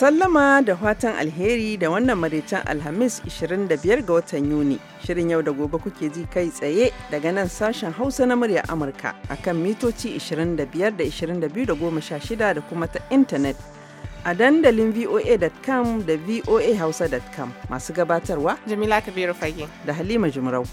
Sallama da fatan alheri da wannan maraicen Alhamis 25 ga watan Yuni. Shirin yau da gobe kuke ji kai tsaye daga nan sashen Hausa na murya Amurka a kan mitoci 25 da 22 da da kuma ta intanet. A dandalin voa.com da voahausa.com masu gabatarwa Jamila Kabiru Fage da Halima Jumrau.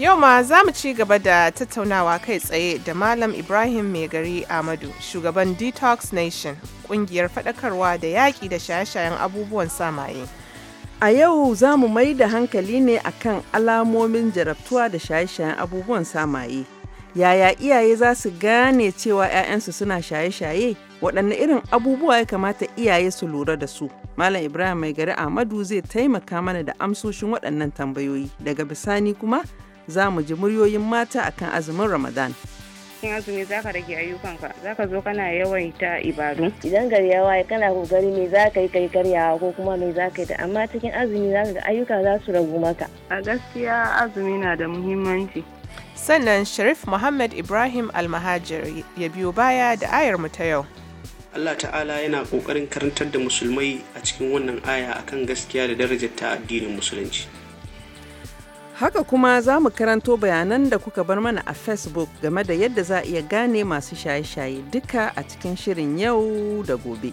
Yau ma za mu ci gaba da tattaunawa kai tsaye da Malam Ibrahim Megari Amadu, shugaban Detox Nation, kungiyar faɗakarwa da yaƙi da shaye-shayen abubuwan samaye. A yau za mu mai da hankali ne akan alamomin jarabtuwa da shaye-shayen abubuwan samaye. Yaya iyaye za su gane cewa 'ya'yansu suna shaye-shaye? Waɗanne irin abubuwa ya kamata iyaye su lura da su? Malam Ibrahim mai gari Ahmadu zai taimaka mana da amsoshin waɗannan tambayoyi. Daga bisani kuma, za mu ji muryoyin mata akan azumin Ramadan. cikin azumi za ka rage ayyukanka za ka zo kana yawan ta ibadu. Idan gari ya waye kana kokari me za ka yi kai karyawa ko kuma me za ka yi ta amma cikin azumi za ka ga ayyuka za su ragu maka. A gaskiya azumi na da muhimmanci. Sannan Sharif Muhammad Ibrahim Almahajir ya biyo baya da ayar mu ta yau. Allah ta'ala yana ƙoƙarin karantar da musulmai a cikin wannan aya akan gaskiya da darajar ta addinin musulunci. Haka kuma za mu karanto bayanan da kuka bar mana a Facebook game da yadda za a iya gane masu shaye-shaye duka a cikin shirin yau da gobe.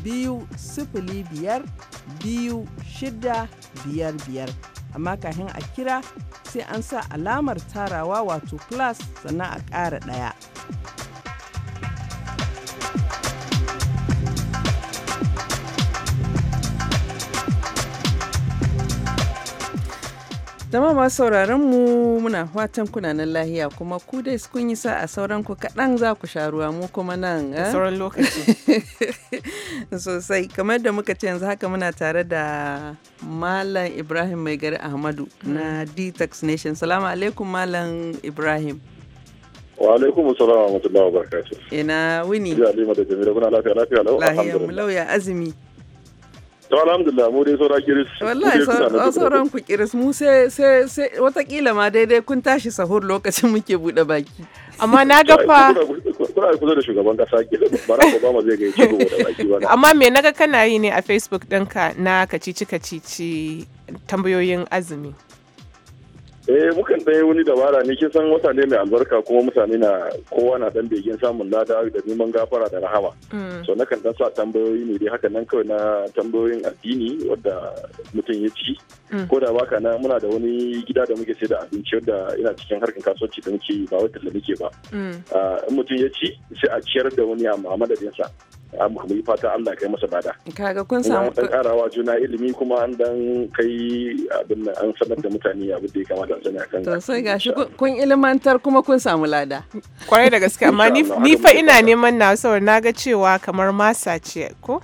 biyu sifili biyar biyu shida biyar biyar amma kafin a kira sai an sa alamar tarawa wato class sannan a ƙara ɗaya. Jama masu sauraron mu muna fatan kuna nan lahiya kuma ku dai kun yi sa'a sauran ku kaɗan za ku sha ruwa mu kuma nan. a eh? Sauran lokaci. Sosai kamar da muka ce yanzu haka muna tare da Malam Ibrahim Mai Gari Ahmadu na mm. Detox Nation. Salamu alaikum Malam Ibrahim. Wa alaikum salam wa rahmatullahi wa barakatuh. Ina wuni. Ya lima da Jamila kuna lafiya lafiya lau. Lahiya mu lauya azumi. to alhamdulillah mu dai saura kiris wallahi sauran ku kiris mu sai sai sai watakila ma daidai kun tashi sahur lokacin muke bude baki amma na ga fa kuna kusa da shugaban kasa Barack Obama zai ga yake bude baki ba amma me naga kana yi ne a Facebook ɗinka na kacici kacici tambayoyin azumi eh mukan ɗaya wani dabara ne kin san wata ne mai albarka kuma mutane na kowa na dan begin samun lada da neman gafara da rahama mm. so nakan dan sa tambayoyi ne dai haka nan kawai na tambayoyin addini wadda mutum ya ci mm. ko da baka na muna da wani gida da muke sai da abinci wadda ina cikin harkar kasuwanci da muke ba wata da muke ba mm. ah, in mutum ya ci sai a ciyar da wani a madadinsa mu yi fata Allah kai masa bada kaga kun samu dan karawa juna ilimi kuma an dan kai abin nan an sanar da mutane abin da ya kamata sani akan to sai gashi kun ilimantar kuma kun samu lada kwarai da gaske amma ni fa ina neman na saboda naga cewa kamar masa ce ko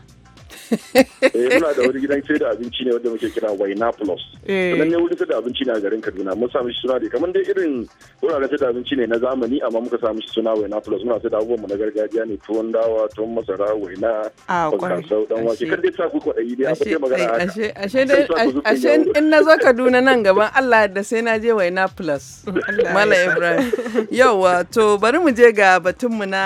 eh muna da wani gidan da abinci ne wanda muke kira waina plus eh. sannan ne wurin sai da abinci ne a garin kaduna mun samu shi suna da kamar dai irin wuraren sai da abinci ne na zamani amma muka samu shi suna waina plus muna sai da abubuwan mu na gargajiya ne tuwon dawa tuwon masara waina kwankasau dan wake kar dai ta ku kwaɗayi dai a da magana ashe ashe in na zo kaduna nan gaban allah da sai na je waina plus mala ibrahim yau to bari mu je ga batunmu na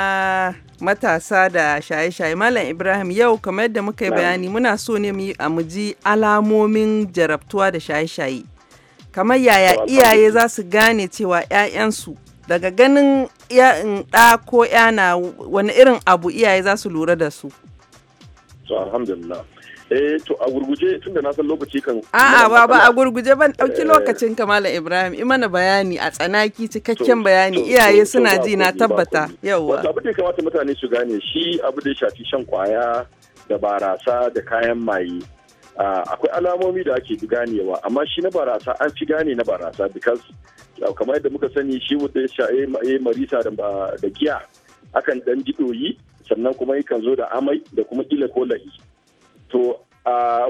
matasa da shaye-shaye Malam Ibrahim yau kamar yadda muka yi bayani muna so ne mu a muji alamomin jarabtuwa da shaye-shaye. Kamar yaya iyaye za su gane cewa 'ya'yansu daga ganin ɗa ko 'yana wani irin abu iyaye za su lura da su. alhamdulillah. eh to a gurguje tunda na san lokaci kan a'a ba ba a gurguje ban dauki eh. lokacin kamala ibrahim i mana bayani a tsanaki cikakken bayani iyaye suna ji na tabbata yawa wato abin da kamata mutane su gane shi abu da ya shafi shan kwaya da barasa da kayan maye akwai alamomi da ake ganewa amma shi na barasa an fi gane na barasa because kamar yadda muka sani shi wanda ya shaye marisa da giya akan dan jidoyi sannan kuma yakan zo da amai da kuma kila ko lahi to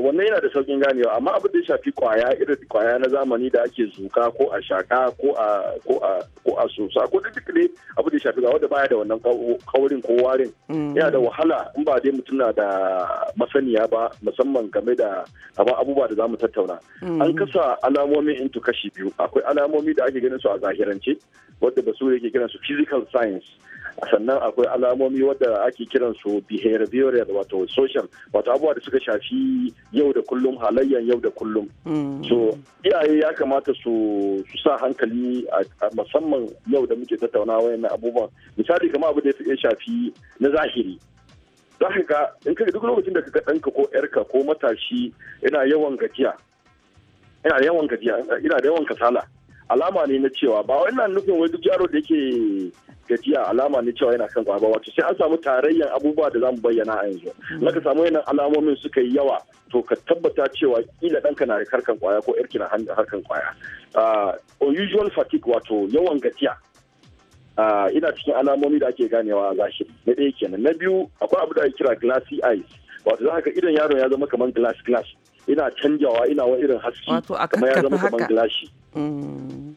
wannan yana da saukin ganewa amma abin da ya shafi kwaya irin kwaya na zamani da ake zuka ko a shaka ko a ko ko a sosa ko duk ne abin da ya shafi ga wanda baya da wannan kaurin ko warin mm. yana da wahala in ba dai mutum na da masaniya ba musamman game da abin abubuwa da mu tattauna mm. an kasa alamomi into kashi biyu akwai alamomi da ake ganin su a zahirance wadda basu yake kiran su physical science sannan akwai alamomi wadda ake kiran su behavioral wato social wato abubuwa da suka shafi yau da kullum halayyan yau da kullum mm-hmm. so iyaye ya kamata su sa hankali a musamman yau da muke tattauna wayannan abubuwan misali kamar abu da ya shafi na zahiri za in ka duk lokacin da ka ɗanka ko ƴarka ko matashi ina yawan gajiya ina yawan gajiya ina da yawan kasala alama ne na cewa ba wai ina nufin wai duk yaro da yake gajiya alama ne cewa yana kan kwaba wato sai an samu tarayyan abubuwa da zamu bayyana a yanzu ka samu yana alamomin suka yi yawa to ka tabbata cewa kila ɗanka na harkan kwaya ko yarki na harkan kwaya ah, unusual fatigue wato yawan gajiya ah, ina cikin alamomi da ake ganewa a zahiri na ɗaya kenan na biyu akwai abu da ake kira glassy eyes wato za ka idan yaron ya zama kamar glass glass ina canjawa ina wa irin haske kamar ya zama kamar glassy. Mm.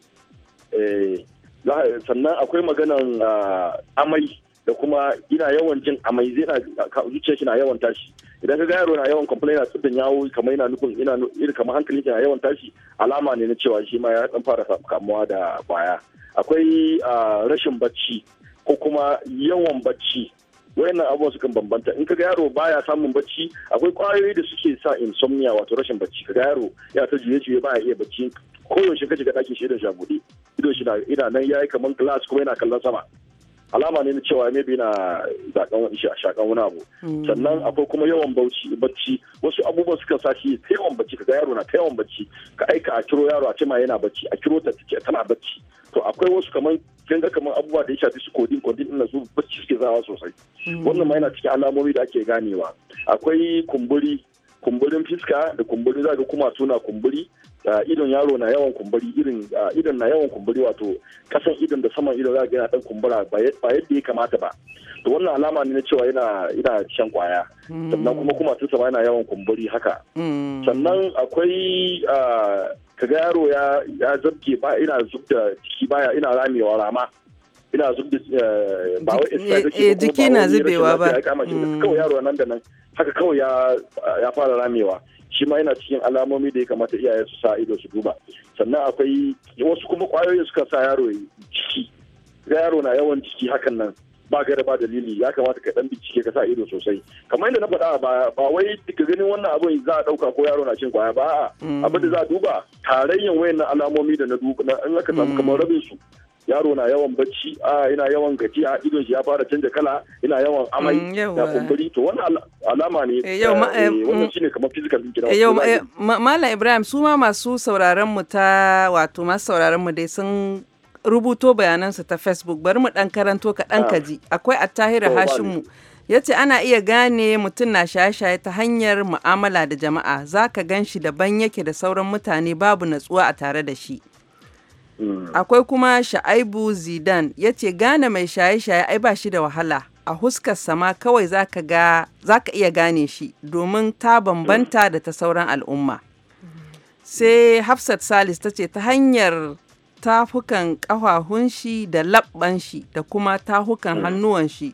Eh, sannan akwai maganan ah, amai da kuma ina yawan jin amai zai na zuciya shi na yawan tashi idan ka ga yaro na yawan complain a tsibin yawo kamar yana nufin ina iri kamar hankali na yawan tashi alama ne na cewa shi ma ya dan fara kamuwa da baya akwai ah, rashin bacci ko kuma yawan bacci wayannan abubuwan sukan bambanta in ka ga yaro baya samun bacci akwai kwayoyi da suke sa insomnia wato rashin bacci ga yaro ya ta juye juye baya iya bacci koyaushe ka shiga ɗakin shi da shi ido shi ina nan ya yi kamar glass kuma yana kallon sama alama ne na cewa maybe na zakan wani shakan wani abu hmm. sannan akwai kuma yawan bacci wasu abubuwa suka sa shi ta yawan bacci ga yaro na ta yawan bacci ka aika a kiro yaro a ce yana bacci a kiro ta ce tana bacci to akwai wasu kamar kin ga kamar abubuwa da ya shafi su kodin kodin din su bacci suke zawa sosai hmm. wannan ma yana cikin alamomi da ake ganewa akwai kumburi kumburin fiska da kumburi za ga kuma suna kumburi idon yaro na yawan kumburi irin idon na yawan kumburi wato kasan idon da saman idon za yana dan kumbura ba yadda ya kamata ba to wannan alama ne na cewa yana yana shan kwaya mm. sannan kuma kuma tusa yana yawan kumburi haka mm. sannan akwai kaga yaro ya zabke ba ina zubda ciki baya ina ramewa rama ina zub da eh, ba wai iska eh, da jiki na zubewa ba ya kama shi mm. kawai yaro nan da nan haka kawai ya fara ramewa shi ma yana cikin alamomi da ya kamata iyaye su sa ido su duba sannan akwai wasu kuma kwayoyin suka sa yaro ciki ga yaro na yawan ciki hakan nan ba gare ba dalili ya kamata ka dan bincike ka sa ido sosai kamar inda na faɗa ba ba wai daga ganin wannan abin za a ɗauka ko yaro na cin kwaya ba mm. abin da za a duba tarayyan wayannan alamomi da na duba in aka samu mm. kamar rabin su yaro na yawan bacci a yana yawan gajiya idon shi ya fara canja kala yana yawan mm, amai ya kumburi to wannan alama ne eh, eh, eh, wannan mm. shine kamar physical injury yau malam Ibrahim su ma masu sauraron mu ta wato masu sauraron mu dai sun rubuto bayanansu ta Facebook bari mu dan karanto ka dan ah. kaji akwai Attahira Hashimu ya ce ana iya gane mutum na shaye-shaye ta hanyar mu'amala da jama'a za ka gan shi daban yake da sauran mutane babu natsuwa a tare da shi Mm. Akwai kuma Sha'aibu Zidan ya ce gane mai shaye-shaye ai ba shi da wahala. A huskarsa ma kawai zaka ka iya gane shi domin ta bambanta da ta sauran al'umma. Sai Hafsat Salis ta ce ta hanyar tafukan ƙafafun shi da labban shi da kuma tafukan mm. hannuwan shi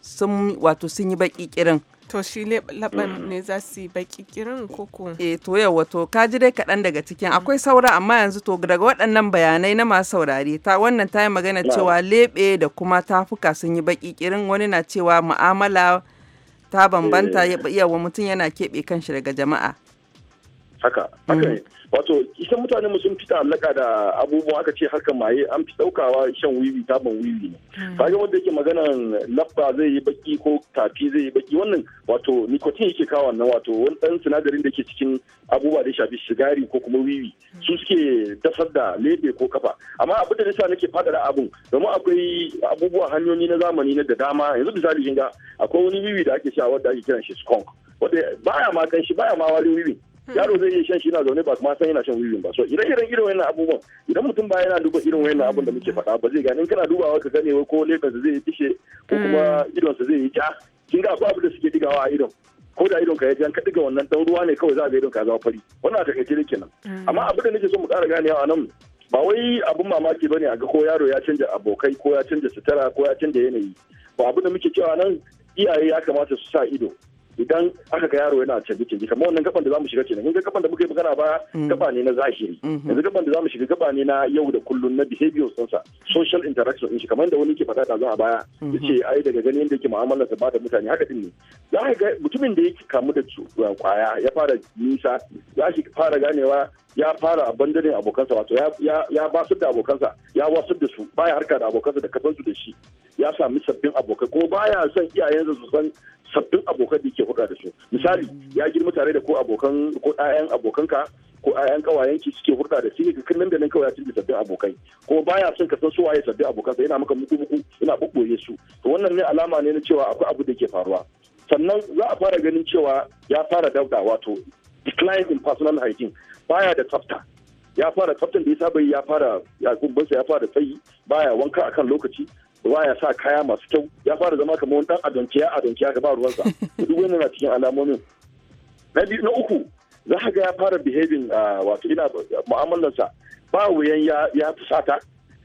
wato sun yi baki kirin. To shi laban ne za su yi baki kirin koko. E eh to yawa to ka ji dai kaɗan daga cikin mm. akwai saura amma yanzu to daga waɗannan bayanai na masu saurari ta wannan ta yi magana cewa leɓe da kuma tafuka sun yi baki kirin wani na cewa mu'amala ta bambanta eh. yawa mutum yana keɓe kanshi daga jama'a. Mm. wato isan mutane mu sun fita allaka da abubuwa aka ce harkar maye an fi daukawa shan wiwi taban wiwi ne hmm. kaga wanda yake maganan labba zai yi baki ko tafi zai yi baki wannan wato nicotine yake kawo wannan wato wani dan sinadarin da ke cikin abubuwa da shafi sigari ko kuma wiwi hmm. su suke dafar da lebe ko kafa amma abin da nisa nake fadar abun domin akwai abubuwa hanyoyi na zamani na da dama yanzu misali kinga akwai wani wiwi da ake sha wanda ake kiran shi skunk wanda baya ma kan shi baya ma wari wiwi Hmm. yaro zai iya shan shi na zaune ba kuma san yana shan wiwin ba so ire iren irin wannan abubuwan idan mutum ba yana duba irin wannan abun da muke hmm. faɗa ba zai gane in kana dubawa ka gane ko lekansa zai yi tishe ko kuma hmm. idonsa zai yi ja kin ga akwai abu da suke digawa a idon ko da idon ka ya ka diga wannan dan ruwa ne kawai za ga idon ka zama fari wannan ta takaice ne kenan amma abin da nake so mu ƙara ganewa a nan ba wai abun mamaki bane a ga ko yaro ya canja abokai ko ya canja sutura ko ya canja yanayi ba abin da muke cewa nan iyaye ya kamata su sa ido idan aka ga yaro yana cabi cabi kamar wannan gaban da zamu shiga kenan kun ga gaban da muka yi magana ba mm. gaba ne na zahiri mm-hmm. yanzu gaban da zamu shiga gaba ne na yau da kullun na behavior sansa social interaction din shi kamar da wani ke faɗa da a baya mm-hmm. yace ai daga ganin yadda yake mu'amalar sa ba da mutane haka din ne za ka ga mutumin da yake kamu da kwaya ya fara nisa za shi fara ganewa ya fara abandane abokansa wato ya ba su da abokansa ya wasu da su baya harka da abokansa da su da shi ya sami sabbin abokai ko baya son iyayensa su san sabbin abokan da ke hulɗa da su misali ya girma tare da ko abokan ko ɗayan abokanka ko ayan ki suke hurɗa da shi ga nan da nan kawai ya sabbin abokai ko baya son ka san su waye sabbin abokan yana maka muku muku yana bubboye su to wannan ne alama ne na cewa akwai abu da ke faruwa sannan za a fara ganin cewa ya fara dauda wato decline in personal hygiene baya da tsafta ya fara tsaftan da ya saba ya fara ya kumbansa ya fara tsayi baya wanka akan lokaci baya sa kaya masu kyau ya fara zama kamar wani dan adonciya adonciya ga ba ruwansa duk wannan na cikin alamomin na biyu na uku za ka ga ya fara behaving ah, wato ina mu'amalarsa ba wuyan ya ya fusata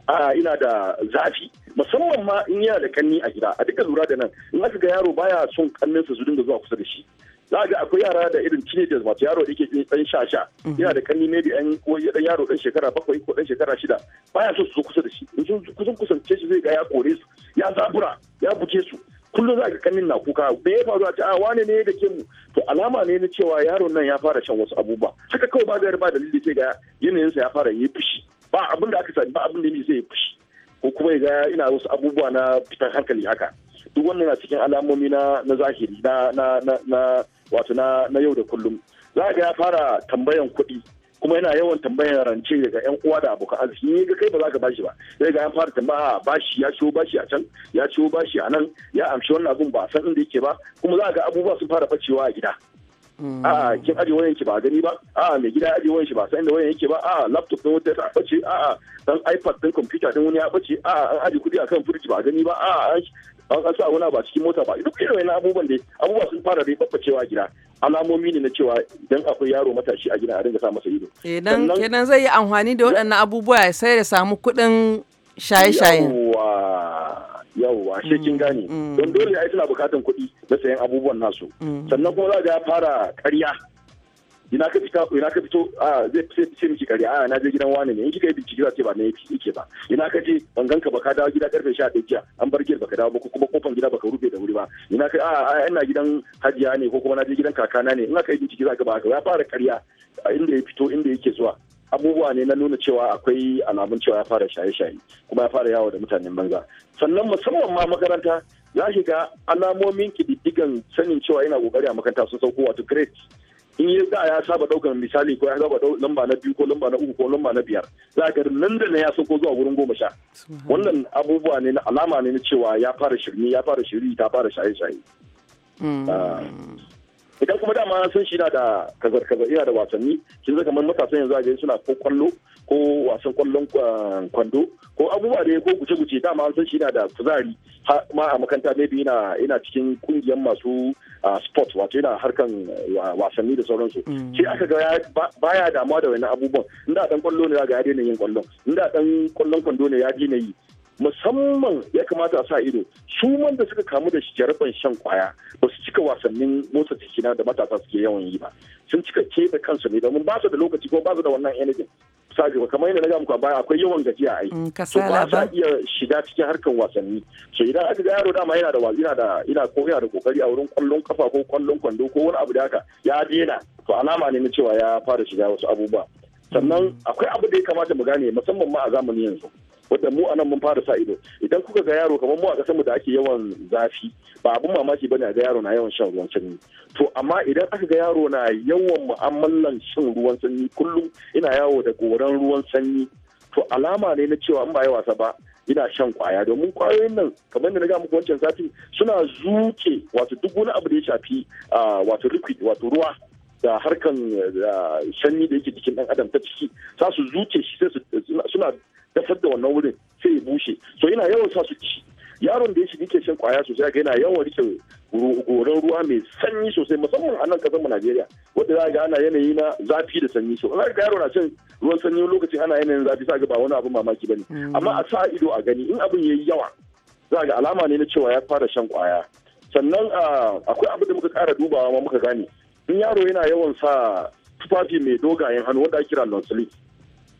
a ah, ina da zafi musamman ma in yana da kanni a gida a duka lura da nan in aka ga yaro baya son sa su dinga zuwa kusa da shi za a ga akwai yara da irin teenagers wato yaro da yake dan sha sha mhm. yana da kanni ne da yan koyi dan yaro dan shekara bakwai ko dan shekara shida baya so su zo kusa da shi in sun kusan kusance shi zai ga ya kore su ya zabura ya buke su kullum za ga kanin na kuka me ya faru a ce a ah, wane ne da ke mu to alama ne na cewa yaron nan ya fara shan wasu abubuwa haka kawai ba da ba dalili sai ga yanayinsa ya fara yi fushi ba abin aka sani ba abin da ne zai yi fushi ko kuma ya ga ina wasu abubuwa na fitar hankali haka duk wannan na cikin alamomi na na zahiri na na na wato na na yau da kullum za ga ya fara tambayan kuɗi kuma yana yawan tambayan rance daga yan uwa da abokan arziki ne ga kai ba za ka bashi ba sai ga ya fara tambaya ah, bashi ya ciwo bashi a can ya ciwo bashi a nan ya amshi wannan abun ba san inda yake ba kuma za ga abubuwa sun fara bacewa a gida hmm. a ah, kin aje wayan ki ba gani ba a ah, mai gida aje wayan shi ba san inda wayan yake ba a laptop din wata ta bace a dan iPad din computer din wani ya bace a an aje kudi akan fridge ba gani ba a an kasu a wani ba cikin mota ba duk irin wani abubuwan da abubuwa sun fara dai babbacewa gida alamomi ne na cewa idan akwai yaro matashi a gida a dinga sa masa ido kenan eh, kenan zai yi amfani da waɗannan abubuwa sai da samu kuɗin shaye-shayen yawwa shi kin mm, gane mm. don dole ai suna bukatan kuɗi na sayan abubuwan nasu mm. sannan kuma za ga fara ƙarya ina ka fita ina ka fito a zai sai sai miki kare a na je gidan wani ne in kika yi bincike za ce ba na yi yake ba ina ka je ban ganka ba ka dawo gida karfe 11 jiya an bar ba baka dawo ba ko kuma kofan gida baka rufe da wuri ba ina ka a ina gidan hajiya ne ko kuma na je gidan kakana ne in aka yi bincike za ka ba ka ya fara karya inda ya fito inda yake zuwa abubuwa ne na nuna cewa akwai alamun cewa ya fara shaye-shaye kuma ya fara yawo da mutanen banza sannan musamman ma makaranta za shiga alamomin kididdigan sanin cewa yana kokari a makaranta sun sauko wato grade in ya da ya saba daukar misali ko ya saba daukar lamba na biyu ko lamba na uku ko lamba na biyar za ka nan da na ya sauko zuwa wurin goma sha wannan abubuwa ne na alama ne na cewa ya fara shirme ya fara shiri ta fara shaye shaye hmm. ah. idan kuma dama sun shi na da kazar kazar ina da wasanni kin zaka kamar matasan yanzu a suna ko kwallo ko wasan kwallon ah, kwando ko abubuwa da ko guce guce dama sun shi na da kuzari ma a makaranta maybe ina ina cikin kungiyar masu a sport wato yana harkan wasanni da sauransu mm. shi aka ga baya damuwa da wani abubuwan inda dan kwallo ne ya ga ya daina yin kwallon inda dan kwallon kwando ne ya daina yi musamman ya kamata a sa ido su man da suka kamu da jaraban shan kwaya ba su cika wasannin motsa jiki na da matasa suke yawan yi ba sun cika da kansu ne domin ba su da lokaci ko ba su da wannan energy sabi ba kamar yadda na muku baya akwai yawan gajiya a yi mm, so ba sa iya shiga cikin harkan wasanni so idan aka ga yaro dama yana da yana da ina ko yana da kokari a wurin kwallon kafa ko kwallon kwando ko wani abu da haka ya daina to alama ne na cewa ya fara shiga wasu abubuwa sannan mm. akwai abu da ya kamata mu gane musamman ma a zamanin yanzu wadda mu anan mun fara sa ido idan kuka ga yaro kamar mu a kasar mu da ake yawan zafi ba abun mamaki bane a ga yaro na yawan shan ruwan sanyi to amma idan aka ga yaro na yawan mu'amalan shan ruwan sanyi kullum ina yawo da goran ruwan sanyi to alama ne na cewa in ba yi wasa ba ina shan kwaya domin kwayoyin nan kamar da na ga muku wancan sati suna zuke wato duk wani abu da ya shafi wato liquid wato ruwa da harkan sanyi da yake jikin dan adam ta ciki sa su zuke shi sai suna dafar da wannan wurin sai ya bushe so yana yawan sa su ci yaron da ya shiga ke shan kwaya sosai ga yana yawan rike goron ruwa mai sanyi sosai musamman a nan kasar mu Najeriya wanda za ga ana yanayi na zafi da sanyi so za ga yaro na shan ruwan sanyi lokacin ana yanayin zafi sa ga ba wani abin mamaki ba ne mm. amma a sa ido a gani in abin ya yi yawa za ga alama ne na cewa ya fara shan kwaya sannan akwai abin da muka kara dubawa ma muka gane in yaro yana yawan sa tufafi mai dogayen hannu wanda ake kira non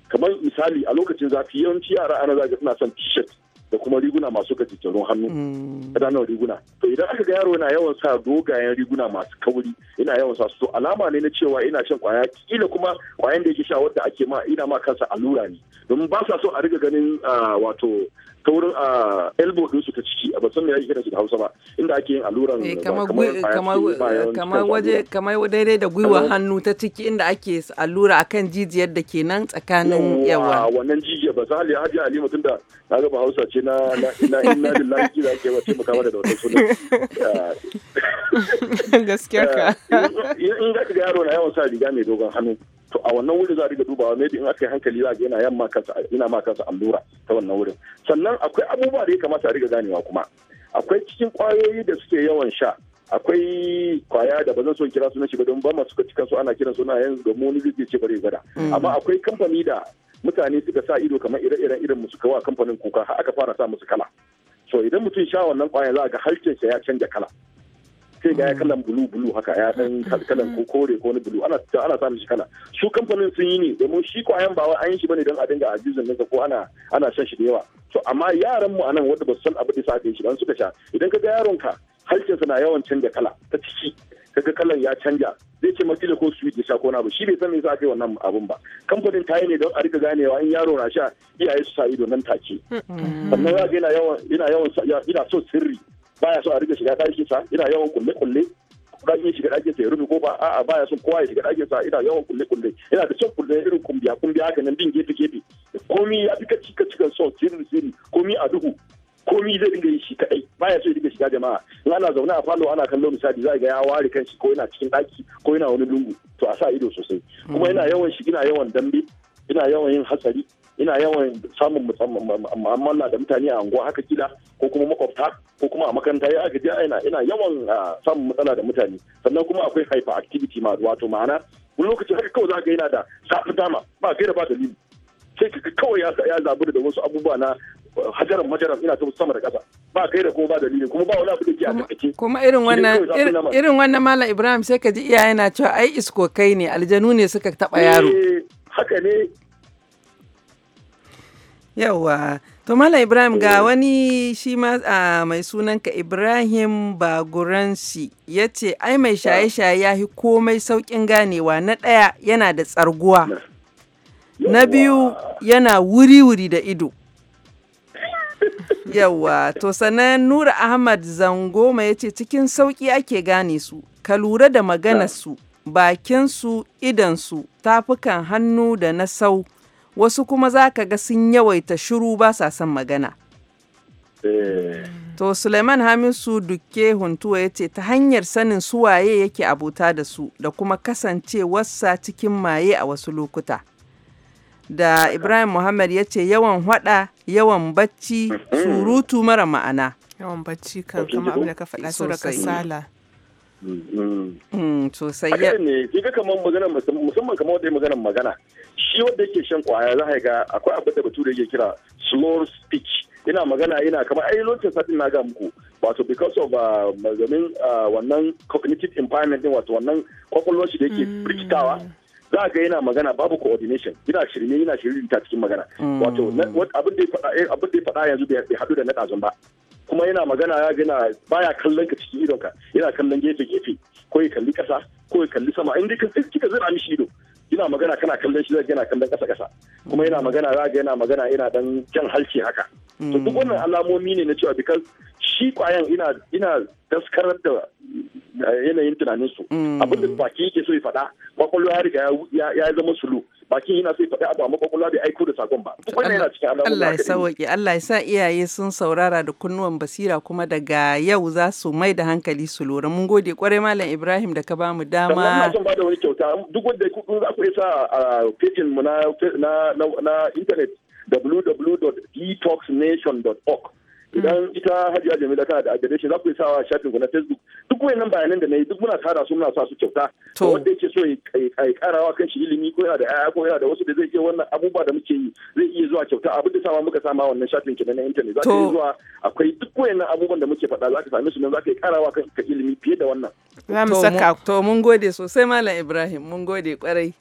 kamar misali a lokacin zafi yawanci yara ana zaga suna son t-shirt da kuma riguna masu gajejjerun hannu mm. ƙananan riguna to idan aka ga yaro yana yawan sa dogayen riguna masu kauri yana yawan sa su alama ne na cewa ina shan kwaya kila kuma kwayan da yake sha wadda ake ma ina ma kansa allura ne domin ba sa so a riga ganin ah, wato ta wurin a elbow din su ta ciki a basan me ya kira shi da Hausa ba inda ake yin alluran eh, kamar eh, waje kamar daidai da gwiwa hannu ta ciki inda ake allura akan jijiyar da ke nan tsakanin yawa wannan jijiyar ba sai Hajiya Halima da na ga Hausa ce na na inna lillahi da ke wace mu da wannan sunan eh. gaskiyar ka in ga yaro na yawan sa riga mai dogon hannu to a wannan wurin za a riga dubawa maybe in aka yi hankali za a ga yana yamma kansa ina ma kansa allura ta wannan wurin sannan akwai abubuwa da ya kamata a riga ganewa kuma akwai cikin kwayoyi da suke yawan sha akwai kwaya da ba zan so kira su na shiga don ba masu cikan su ana kiran na yanzu ga mu zai ce bare gada mm. amma akwai kamfani da mutane suka sa ido kamar ire-iren irin musu kawa kamfanin kuka har aka fara sa musu kala so idan mutum sha wannan kwayan za a ga halkin sa ya canja kala sai ga ya mm. kalan bulu bulu haka ya dan mm. kalan ko kore ko wani bulu ana ana sa mishi kala su kamfanin sun yi ne domin shi ko ayan ba an yi shi bane dan a dinga ajizin nasa ko ana ana shan shi da yawa to amma yaran mu anan wanda ba su san abu da sa shi dan suka sha idan ka ga yaron ka halkinsa na yawan canja kala ta ciki kaga kalan ya canja zai ce makila ko su da sha ko na ba shi bai san me yasa aka yi wannan abun ba kamfanin tayi ne don a rika ganewa in yaro na sha iyaye su sa ido nan take mm. sannan ya ga yana yawan yana yawan yana so sirri baya so a rike shiga ɗakin sa ina yawan kulle kulle ɗakin shiga ɗakin sa ya rufe kofa a'a baya son kowa ya shiga ɗakin sa ina yawan kulle kulle ina da son kulle irin kumbiya kumbiya haka nan din gefe gefe komi ya fi kaci kacikan son sirri sirri komi a duhu komi zai dinga yi shi kadai baya so ya dinga shiga jama'a in ana zaune a falo ana kallon misali za a ga ya ware kanshi ko yana cikin daki ko yana wani lungu to a sa ido sosai kuma ina yawan shi ina yawan dambe ina yawan yin hatsari ina yawan samun mu'amala da mutane a anguwa haka kila ko kuma makwabta ko kuma a makaranta ya gaji ina ina yawan ah, samun matsala da mutane sannan kuma akwai hyper activity ma wato ma'ana wani lokaci haka kawai za yana da safi dama ba gaira ba dalili sai ka kawai ya zabu da wasu abubuwa na ah, hajaran majaran ina ta sama da ƙasa ba kai da kuma ba dalili kuma ba wani abu da ke a takaice kuma irin wannan irin wannan mala Ibrahim sai ka ji iyaye na cewa ai iskokai ne aljanu ne suka taba yaro eh, haka ne Yawwa, to Mala Ibrahim ga wani shi ma mai sunanka Ibrahim Baguransi ya ce, ai mai shaye-shaye ya fi komai saukin ganewa na ɗaya yana da tsarguwa, na biyu yana wuri-wuri da ido. Yawwa, to sannan Nura Ahmad Zangoma ya ce cikin sauki ake gane su, ka lura da maganarsu, bakinsu, idansu, tafukan hannu da na sau. wasu kuma za ka ga sun yawaita shiru ba sa son magana. Eh. To Suleiman Hamisu Dukke Huntuwa ya ce ta hanyar sanin su waye yake abota da su da kuma kasancewarsa cikin maye a wasu lokuta. Da Ibrahim Muhammad ya ce yawan hwada, yawan bacci, mm. surutu mara ma'ana. Yawan bacci kan kama abin da ka faɗa su da kasala. Mm-hmm. Mm, sosai ya ne ki ga kamar magana musamman kamar wanda magana magana shi wanda yake shan kwaya za ka ga akwai abin da bature yake kira slow speech ina magana ina kamar ai lokacin satin na ga muku wato because of uh, maganin uh, wannan cognitive impairment din wato wannan kwakwalwar shi da yake birkitawa mm. za ga yana magana babu coordination yana shirme yana shirin ta cikin magana mm. wato eh, abin da ya faɗa yanzu bai haɗu da na ɗazun ba kuma yana magana ya gina baya kallon ka cikin idon ka yana kallon gefe gefe ko ya kalli kasa ko ya kalli sama in dai kika zira mishi ido yana magana kana kallon shi yana kallon kasa kasa kuma yana magana ya yana magana yana dan jan halce haka to duk hmm. wannan alamomi ne na cewa because shi kwayan ina daskarar da yanayin tunaninsu mm. abin da baki yake so ya faɗa kwakwalwa ya riga ya zama sulu bakin yana so ya fada abu amma kwakwalwa bai aiko da sakon ba wannan yana cikin alamun Allah ya sauke Allah ya sa iyaye sun saurara da kunnuwan basira kuma daga yau za su mai da hankali su lura mun gode kwarai malam Ibrahim da ka ba mu dama sannan son bada wani kyauta duk wanda ya kudu za ku isa a pagin mu na na na internet www.detoxnation.org idan ita hajiya jamila tana da adireshi za ku sawa shafin ku na facebook duk wayannan bayanan da na yi duk muna tara su muna sa su kyauta to wanda yake so ya karawa kan shi ilimi ko yana da yaya ko yana da wasu da zai iya wannan abubuwa da muke yi zai iya zuwa kyauta abin da sama muka sama wannan shafin ki na internet za ka iya zuwa akwai duk wayannan abubuwan da muke faɗa za ka same su nan za ka karawa kan ka ilimi fiye da wannan. Za mu saka to mun gode sosai Malam Ibrahim mun gode kwarai.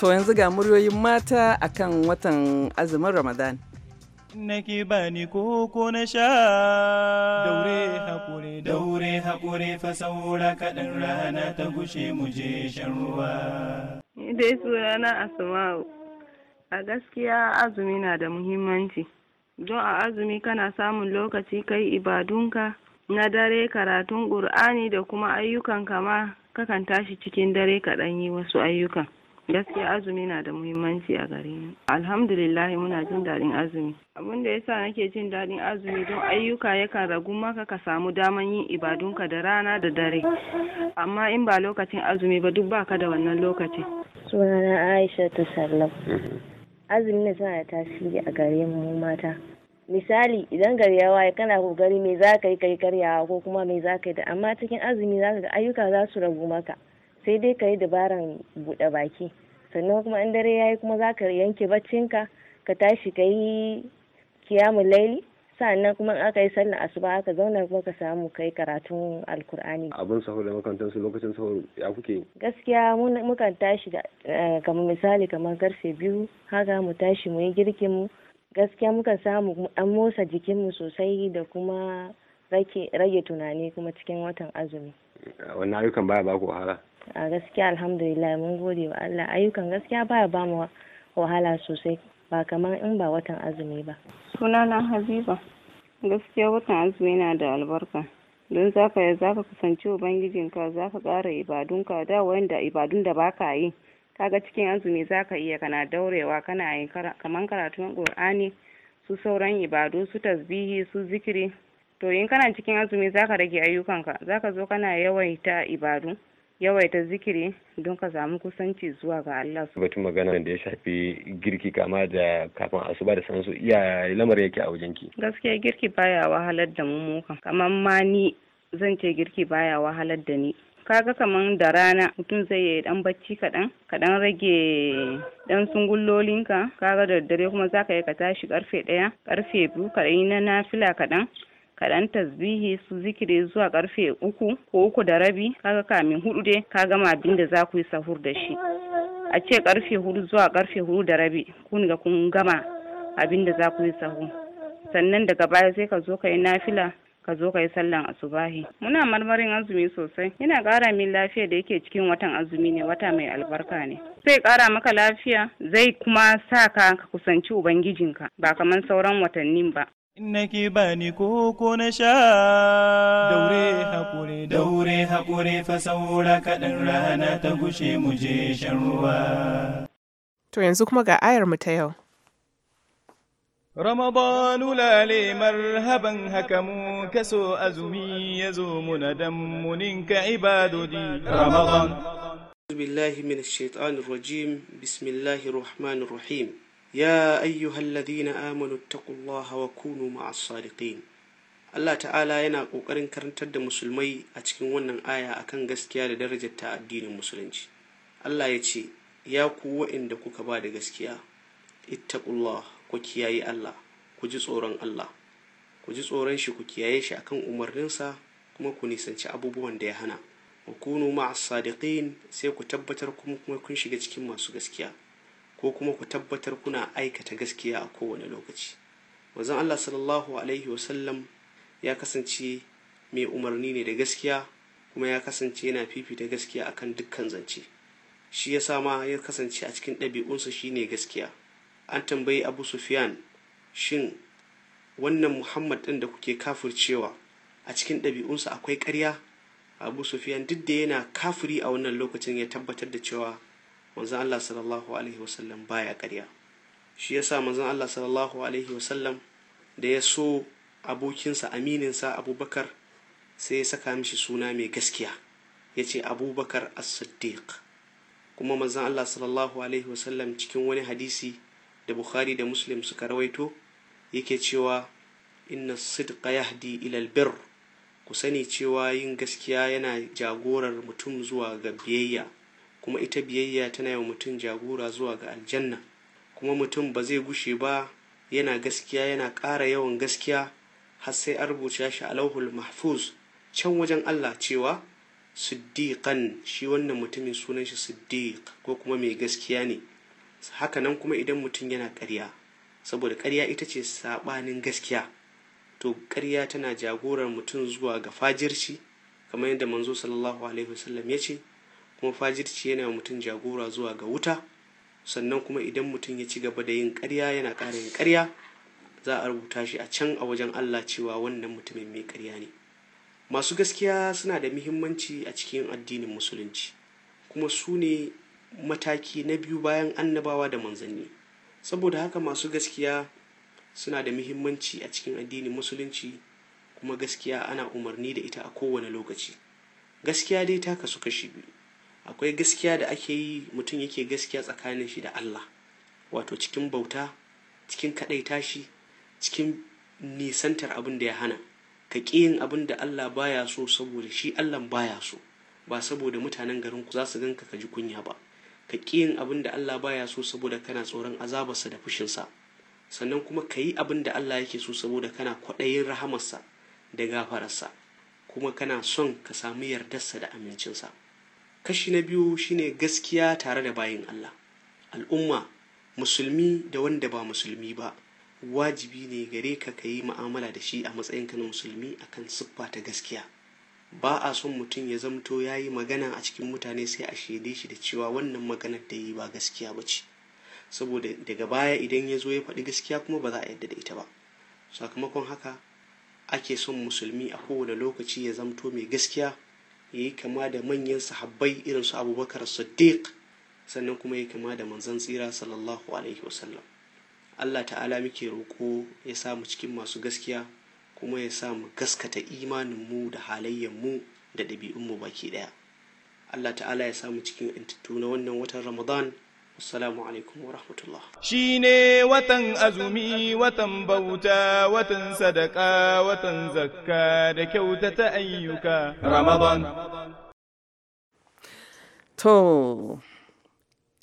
To yanzu ga muryoyin mata a kan watan azumin Ramadan. nake bani koko na sha daure haƙure daure haƙure fa saura kaɗan rana ta gushe mu je shan ruwa dai sunana asma'u a gaskiya azumi na da muhimmanci don a azumi kana samun lokaci kai ibadunka na dare karatun ƙur'ani da kuma ayyukan kama kakan tashi cikin dare kaɗan yi wasu ayyukan Gaskiya azumi na da muhimmanci a gare ni. Alhamdulillah muna jin daɗin azumi. Abin da yasa nake jin daɗin azumi don ayyuka yakan ragu maka ka samu daman yin ibadunka da rana da dare. Amma in ba lokacin azumi ba duk baka da wannan lokacin. Sunana Aisha ta Sallam. Mhm. Azumi na suna da tasiri a gare mu mata. misali idan gari ya waye kana kokari me za ka yi kai karyawa ko kuma me za ka yi da amma cikin azumi za ka ga ayyuka za su ragu maka sai dai ka yi dabaran buɗe baki sannan kuma in dare ya yi kuma za ka yanke baccinka ka tashi ka yi kiyamun laili sannan kuma aka yi sallar asuba aka zauna kuma ka samu kai karatun alkur'ani abin sahur da makarantar lokacin sahur ya kuke gaskiya mukan tashi da eh, kamar misali kamar karfe biyu haka mu tashi mu yi girkin mu gaskiya mukan samu an motsa jikin mu sosai da kuma rage tunani kuma cikin watan azumi wannan ayyukan baya ba ku wahala a gaskiya alhamdulillah mun gode wa Allah ayyukan gaskiya ba ba mu wahala sosai ba kamar in ba watan azumi ba sunana habiba gaskiya watan azumi na da albarka don zaka ya zaka kusanci ka zaka ƙara ibadunka da wanda ibadun da baka yi kaga cikin azumi zaka iya kana daurewa kana yin kaman karatun qur'ani su sauran ibadu su tasbihi su zikiri to in kana cikin azumi zaka rage ayyukanka zaka zo kana yawaita ibadu yawaita zikiri don ka samu kusanci zuwa ga Allah su batun magana da ya shafi girki kama da kafin asuba da sansu iya lamar yake a wajenki gaskiya girki baya wahalar da mu kamar ma ni zan ce girki baya wahalar da ni kaga kaman da rana mutum zai yi dan bacci kaɗan kaɗan rage dan sungullolinka kaga da dare kuma zaka yi ka tashi karfe ɗaya karfe biyu ka yi na nafila kaɗan kaɗan tasbihi su zikiri zuwa karfe uku ko uku da rabi kaga kamin hudu dai ka gama abin da za ku yi sahur da shi a ce karfe hudu zuwa karfe hudu da rabi kun ga kun gama abin da za ku yi sahur sannan daga baya sai ka zo ka yi nafila ka zo ka yi sallan asubahi muna marmarin azumi sosai yana ƙara min lafiya da yake cikin watan azumi ne wata mai albarka ne zai ƙara maka lafiya zai kuma sa ka ka kusanci ubangijinka ba kamar sauran watannin ba innaki bani ko ko na sha daure hakuri daure hakuri fa saura kaɗan rana ta gushe mu je shan ruwa to yanzu kuma ga ayar mu ta yau Ramadanu lale marhaban haka mu kaso azumi ya zo muna dan ka ibadodi Ramadan. Bismillahi min shaitanir rajim, bismillahi rahmanir rahim. Ya أيها الذين آمنوا اتقوا الله وكونوا مع الصادقين Allah ta'ala yana ƙoƙarin karantar da musulmai a cikin wannan aya akan gaskiya da darajar ta addinin musulunci Allah ya ce ya ku wa'inda kuka ba da gaskiya ittaqullah ku kiyaye Allah ku ji tsoron Allah ku ji tsoron shi ku kiyaye shi a kan umarninsa kuma ku nisanci abubuwan da ya hana wa kunu ma'as sadiqin sai ku tabbatar kuma kun shiga cikin masu gaskiya ko kuma ku tabbatar kuna aikata gaskiya a kowane lokaci wazan Allah sallallahu alaihi wasallam ya kasance mai umarni ne da gaskiya kuma ya kasance yana fifita gaskiya akan dukkan zance shi ya sama ya kasance a cikin ɗabi'unsa shine gaskiya an tambayi abu Sufiyan. shin wannan muhammad ɗin da kuke kafircewa a cikin ɗabi'unsa akwai ƙarya abu sufyan duk da yana kafiri a wannan lokacin ya tabbatar da cewa manzon Allah sallallahu alaihi wasallam baya ƙarya shi yasa manzon Allah sallallahu alaihi wasallam da ya so abokinsa amininsa abubakar sai ya saka mishi suna mai gaskiya ya ce abubakar as-siddiq kuma manzon Allah sallallahu alaihi wasallam cikin wani hadisi da bukhari da muslim suka rawaito yake cewa inna sidqa yahdi ilal albir ku sani cewa yin gaskiya yana jagorar mutum zuwa ga biyayya kuma ita biyayya tana wa mutum jagora zuwa ga aljanna kuma mutum ba zai gushe ba yana gaskiya yana ƙara yawan gaskiya har sai an rubuta shi a lauhul mahfuz can wajen Allah cewa siddiqan shi wannan mutumin sunan shi siddiq ko kuma mai gaskiya ne haka nan kuma idan mutum yana ƙarya saboda ƙarya ita ce saɓanin gaskiya to ƙarya tana jagorar mutum zuwa ga fajirci kamar yadda manzo sallallahu alaihi wasallam ya ce kuma fajirci yana mutum jagora zuwa ga wuta sannan kuma idan mutum ya ci gaba da yin karya yana ƙara yin karya, za a rubuta shi a can a wajen Allah cewa wannan mutumin mai karya ne masu gaskiya suna da muhimmanci a cikin addinin musulunci kuma su ne mataki na biyu bayan annabawa da manzanni saboda haka masu gaskiya suna da muhimmanci a cikin addinin musulunci kuma gaskiya ana umarni da ita a kowane lokaci gaskiya dai ta kasu kashi biyu akwai gaskiya da ake yi mutum yake gaskiya tsakanin shi da Allah wato cikin bauta cikin kadaita shi cikin nisantar abin da ya hana ka ƙi yin abin da Allah baya so saboda shi Allah baya so ba saboda mutanen garin ku za su ganka ka ji kunya ba ka ƙi yin abin da Allah baya so saboda kana tsoron azabarsa da fushinsa sannan kuma ka yi abin da Allah yake so saboda kana kwaɗayin rahamarsa da gafararsa kuma kana son ka samu yardarsa da amincinsa kashi na biyu shine gaskiya tare da bayin Allah al'umma musulmi da wanda ba musulmi ba wajibi ne gare ka ka yi ma'amala da shi a matsayinka na musulmi akan siffa ta gaskiya ba a son mutum ya zamto ya yi magana a cikin mutane sai a shaide shi da cewa wannan maganar da yi ba gaskiya ba ce saboda daga baya idan ya zo ya faɗi gaskiya kuma ba za a yadda da ita ba sakamakon haka ake son musulmi a kowane lokaci ya zamto mai gaskiya ya yi kama da manyan sahabbai irin su abubakar siddiq sannan kuma ya yi kama da manzan tsira sallallahu alaihi wasallam allah ta'ala muke roƙo ya sa mu cikin masu gaskiya kuma ya sa mu gaskata imaninmu da halayyarmu da ɗabi'unmu baki ɗaya allah ta'ala ya sa mu cikin intattu na wannan watan ramadan Assalamu alaikum wa rahmatullah. Shi ne watan azumi, watan bauta, watan sadaka, watan zakka da kyauta ta ayyuka. Ramadan. To,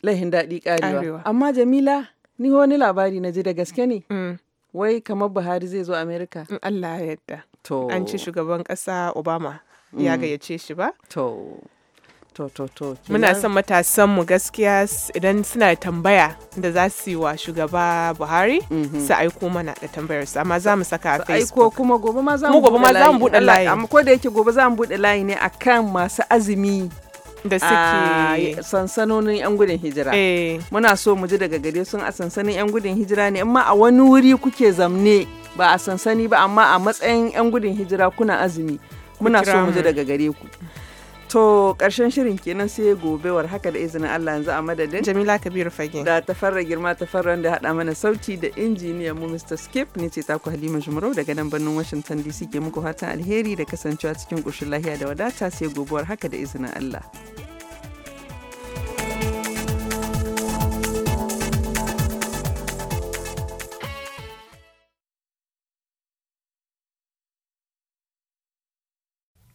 lahin daɗi ƙarewa. Amma Jamila, ni wani labari na ji da gaske ne? Mm. Wai kamar Buhari zai zo Amerika? Allah ya yadda. To. An ci shugaban ƙasa Obama ya mm. gayyace shi ba? To. to to to muna son matasan mu gaskiya idan suna tambaya da za su yi wa shugaba Buhari mhm. su aiko mana da tambayar su amma za mu saka a Facebook aiko kuma gobe ma za mu gobe ma za mu bude layi amma ko da yake gobe za mu bude layi ne akan masu azumi da suke sansanonin 'yan gudun hijira eh. muna so mu ji daga gare sun a sansanin 'yan gudun hijira ne amma a wani wuri kuke zamne ba a sansani ba amma a matsayin 'yan gudun hijira kuna azumi muna so mu ji daga gare ku To ƙarshen shirin kenan sai gobe war haka da izinin Allah yanzu a madadin. Jamila Kabiru Fage. Da fara girma ta fara da haɗa mana sauti da injiniya mu Mr. Skip ne ce taku Halima Jumarau daga nan birnin Washington DC ke muku fatan alheri da kasancewa cikin ƙoshin lahiya da wadata sai gobe war haka da izinin Allah.